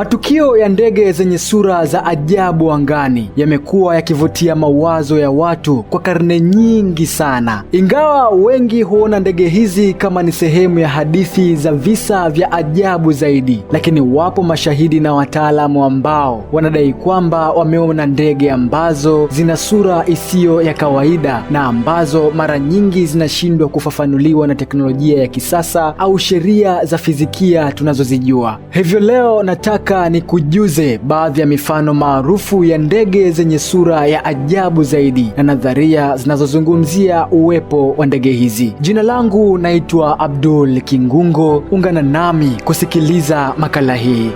Matukio ya ndege zenye sura za ajabu angani yamekuwa yakivutia mawazo ya watu kwa karne nyingi sana. Ingawa wengi huona ndege hizi kama ni sehemu ya hadithi za visa vya ajabu zaidi, lakini wapo mashahidi na wataalamu ambao wanadai kwamba wameona ndege ambazo zina sura isiyo ya kawaida na ambazo mara nyingi zinashindwa kufafanuliwa na teknolojia ya kisasa au sheria za fizikia tunazozijua. Hivyo leo nataka Nataka nikujuze baadhi ya mifano maarufu ya ndege zenye sura ya ajabu zaidi na nadharia zinazozungumzia uwepo wa ndege hizi. Jina langu naitwa Abdul Kingungo. Ungana nami kusikiliza makala hii.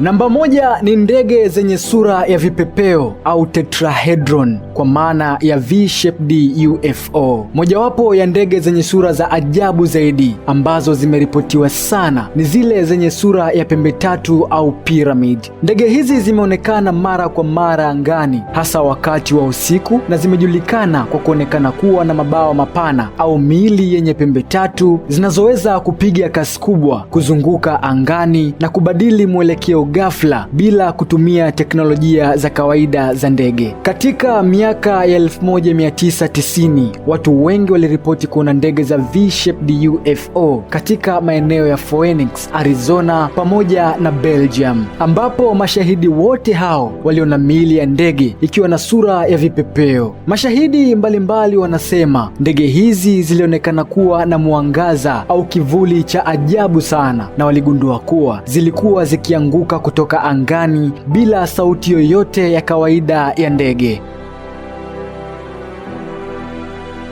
Namba moja ni ndege zenye sura ya vipepeo au tetrahedron kwa maana ya V-shaped UFO. Mojawapo ya ndege zenye sura za ajabu zaidi ambazo zimeripotiwa sana ni zile zenye sura ya pembe tatu au pyramid. Ndege hizi zimeonekana mara kwa mara angani, hasa wakati wa usiku, na zimejulikana kwa kuonekana kuwa na mabawa mapana au miili yenye pembe tatu zinazoweza kupiga kasi kubwa, kuzunguka angani na kubadili mwelekeo ghafla bila kutumia teknolojia za kawaida za ndege. Katika miaka ya 1990 watu wengi waliripoti kuona ndege za V-shaped UFO katika maeneo ya Phoenix, Arizona pamoja na Belgium, ambapo mashahidi wote hao waliona miili ya ndege ikiwa na sura ya vipepeo. Mashahidi mbalimbali mbali wanasema ndege hizi zilionekana kuwa na mwangaza au kivuli cha ajabu sana, na waligundua kuwa zilikuwa zikianguka kutoka angani bila sauti yoyote ya kawaida ya ndege.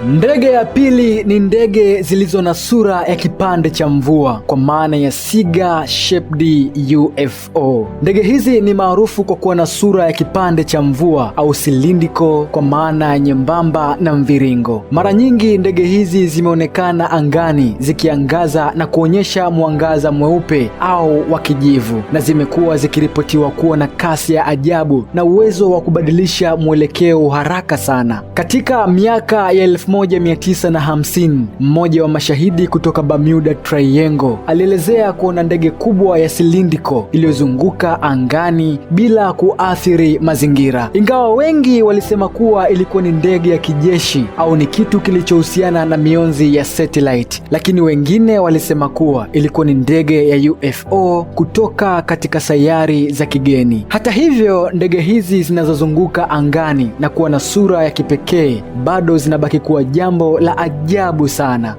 Ndege ya pili ni ndege zilizo na sura ya kipande cha mvua kwa maana ya Siga Shaped UFO. Ndege hizi ni maarufu kwa kuwa na sura ya kipande cha mvua au silindiko kwa maana ya nyembamba na mviringo. Mara nyingi ndege hizi zimeonekana angani zikiangaza na kuonyesha mwangaza mweupe au wa kijivu, na zimekuwa zikiripotiwa kuwa na kasi ya ajabu na uwezo wa kubadilisha mwelekeo haraka sana. Katika miaka ya elfu 1950. Mmoja wa mashahidi kutoka Bermuda Triangle alielezea kuona ndege kubwa ya silindiko iliyozunguka angani bila kuathiri mazingira, ingawa wengi walisema kuwa ilikuwa ni ndege ya kijeshi au ni kitu kilichohusiana na mionzi ya satellite, lakini wengine walisema kuwa ilikuwa ni ndege ya UFO kutoka katika sayari za kigeni. Hata hivyo, ndege hizi zinazozunguka angani na kuwa na sura ya kipekee bado zinabaki kuwa jambo la ajabu sana.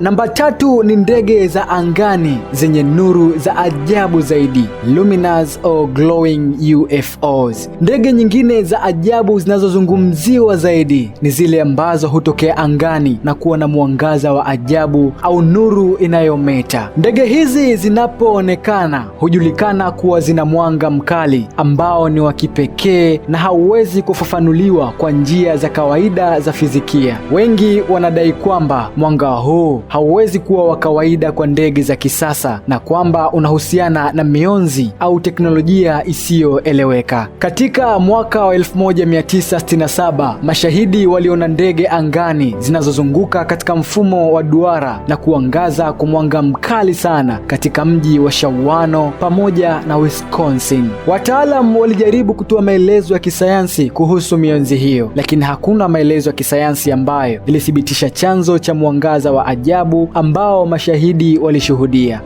Namba tatu ni ndege za angani zenye nuru za ajabu zaidi, luminous or glowing UFOs. Ndege nyingine za ajabu zinazozungumziwa zaidi ni zile ambazo hutokea angani na kuwa na mwangaza wa ajabu au nuru inayometa. Ndege hizi zinapoonekana hujulikana kuwa zina mwanga mkali ambao ni wa kipekee na hauwezi kufafanuliwa kwa njia za kawaida za fizikia. Wengi wanadai kwamba mwanga huu hauwezi kuwa wa kawaida kwa ndege za kisasa na kwamba unahusiana na mionzi au teknolojia isiyoeleweka. Katika mwaka wa 1967 mashahidi waliona ndege angani zinazozunguka katika mfumo wa duara na kuangaza kwa mwanga mkali sana katika mji wa Shawano pamoja na Wisconsin. Wataalam walijaribu kutoa maelezo ya kisayansi kuhusu mionzi hiyo, lakini hakuna maelezo ya kisayansi ambayo ilithibitisha chanzo cha mwangaza wa ajabu ajabu ambao mashahidi walishuhudia.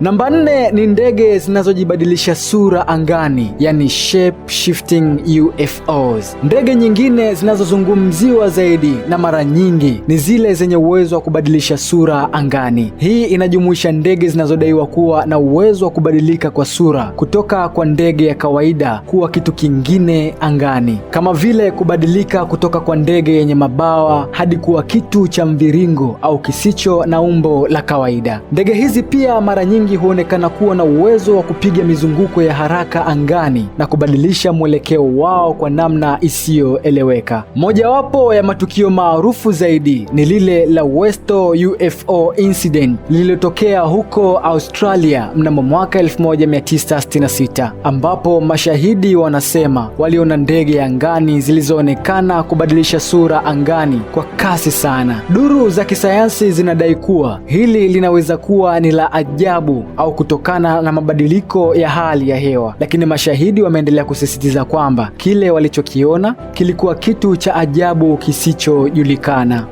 Namba nne ni ndege zinazojibadilisha sura angani, yani shape shifting UFOs. Ndege nyingine zinazozungumziwa zaidi na mara nyingi ni zile zenye uwezo wa kubadilisha sura angani. Hii inajumuisha ndege zinazodaiwa kuwa na uwezo wa kubadilika kwa sura kutoka kwa ndege ya kawaida kuwa kitu kingine angani, kama vile kubadilika kutoka kwa ndege yenye mabawa hadi kuwa kitu cha mviringo au kisicho na umbo la kawaida. Ndege hizi pia mara nyingi wengi huonekana kuwa na uwezo wa kupiga mizunguko ya haraka angani na kubadilisha mwelekeo wao kwa namna isiyoeleweka. Mojawapo ya matukio maarufu zaidi ni lile la Westo UFO incident lililotokea huko Australia mnamo mwaka 1966 ambapo mashahidi wanasema waliona ndege angani zilizoonekana kubadilisha sura angani kwa kasi sana. Duru za kisayansi zinadai kuwa hili linaweza kuwa ni la ajabu au kutokana na mabadiliko ya hali ya hewa, lakini mashahidi wameendelea kusisitiza kwamba kile walichokiona kilikuwa kitu cha ajabu kisichojulikana.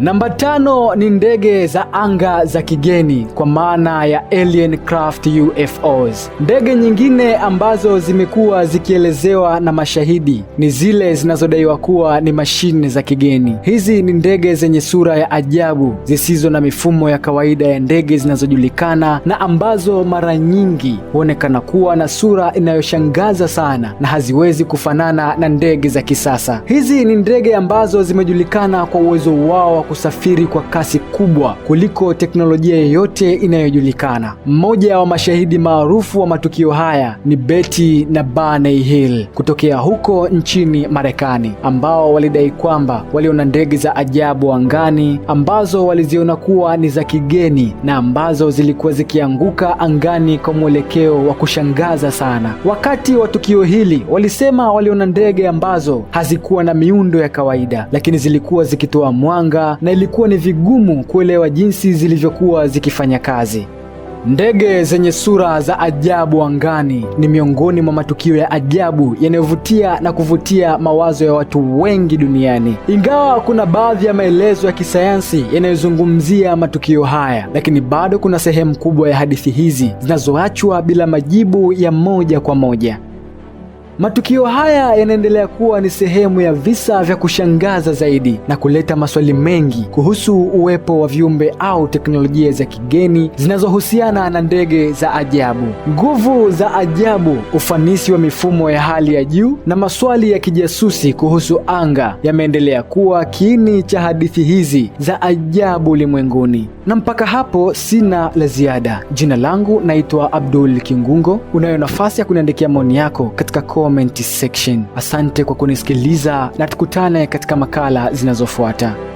Namba tano ni ndege za anga za kigeni kwa maana ya alien craft UFOs. Ndege nyingine ambazo zimekuwa zikielezewa na mashahidi ni zile zinazodaiwa kuwa ni mashine za kigeni. Hizi ni ndege zenye sura ya ajabu zisizo na mifumo ya kawaida ya ndege zinazojulikana na ambazo mara nyingi huonekana kuwa na sura inayoshangaza sana na haziwezi kufanana na ndege za kisasa. Hizi ni ndege ambazo zimejulikana kwa uwezo wao kusafiri kwa kasi kubwa kuliko teknolojia yoyote inayojulikana. Mmoja wa mashahidi maarufu wa matukio haya ni Betty na Barney Hill kutokea huko nchini Marekani, ambao walidai kwamba waliona ndege za ajabu angani ambazo waliziona kuwa ni za kigeni na ambazo zilikuwa zikianguka angani kwa mwelekeo wa kushangaza sana. Wakati wa tukio hili, walisema waliona ndege ambazo hazikuwa na miundo ya kawaida, lakini zilikuwa zikitoa mwanga na ilikuwa ni vigumu kuelewa jinsi zilivyokuwa zikifanya kazi. Ndege zenye sura za ajabu angani ni miongoni mwa matukio ya ajabu yanayovutia na kuvutia mawazo ya watu wengi duniani. Ingawa kuna baadhi ya maelezo ya kisayansi yanayozungumzia matukio haya, lakini bado kuna sehemu kubwa ya hadithi hizi zinazoachwa bila majibu ya moja kwa moja. Matukio haya yanaendelea kuwa ni sehemu ya visa vya kushangaza zaidi na kuleta maswali mengi kuhusu uwepo wa viumbe au teknolojia za kigeni zinazohusiana na ndege za ajabu, nguvu za ajabu, ufanisi wa mifumo ya hali ya juu na maswali ya kijasusi kuhusu anga yameendelea kuwa kiini cha hadithi hizi za ajabu ulimwenguni. Na mpaka hapo sina la ziada. Jina langu naitwa Abdul Kingungo. Unayo nafasi ya kuniandikia maoni yako katika comment section. Asante kwa kunisikiliza na tukutane katika makala zinazofuata.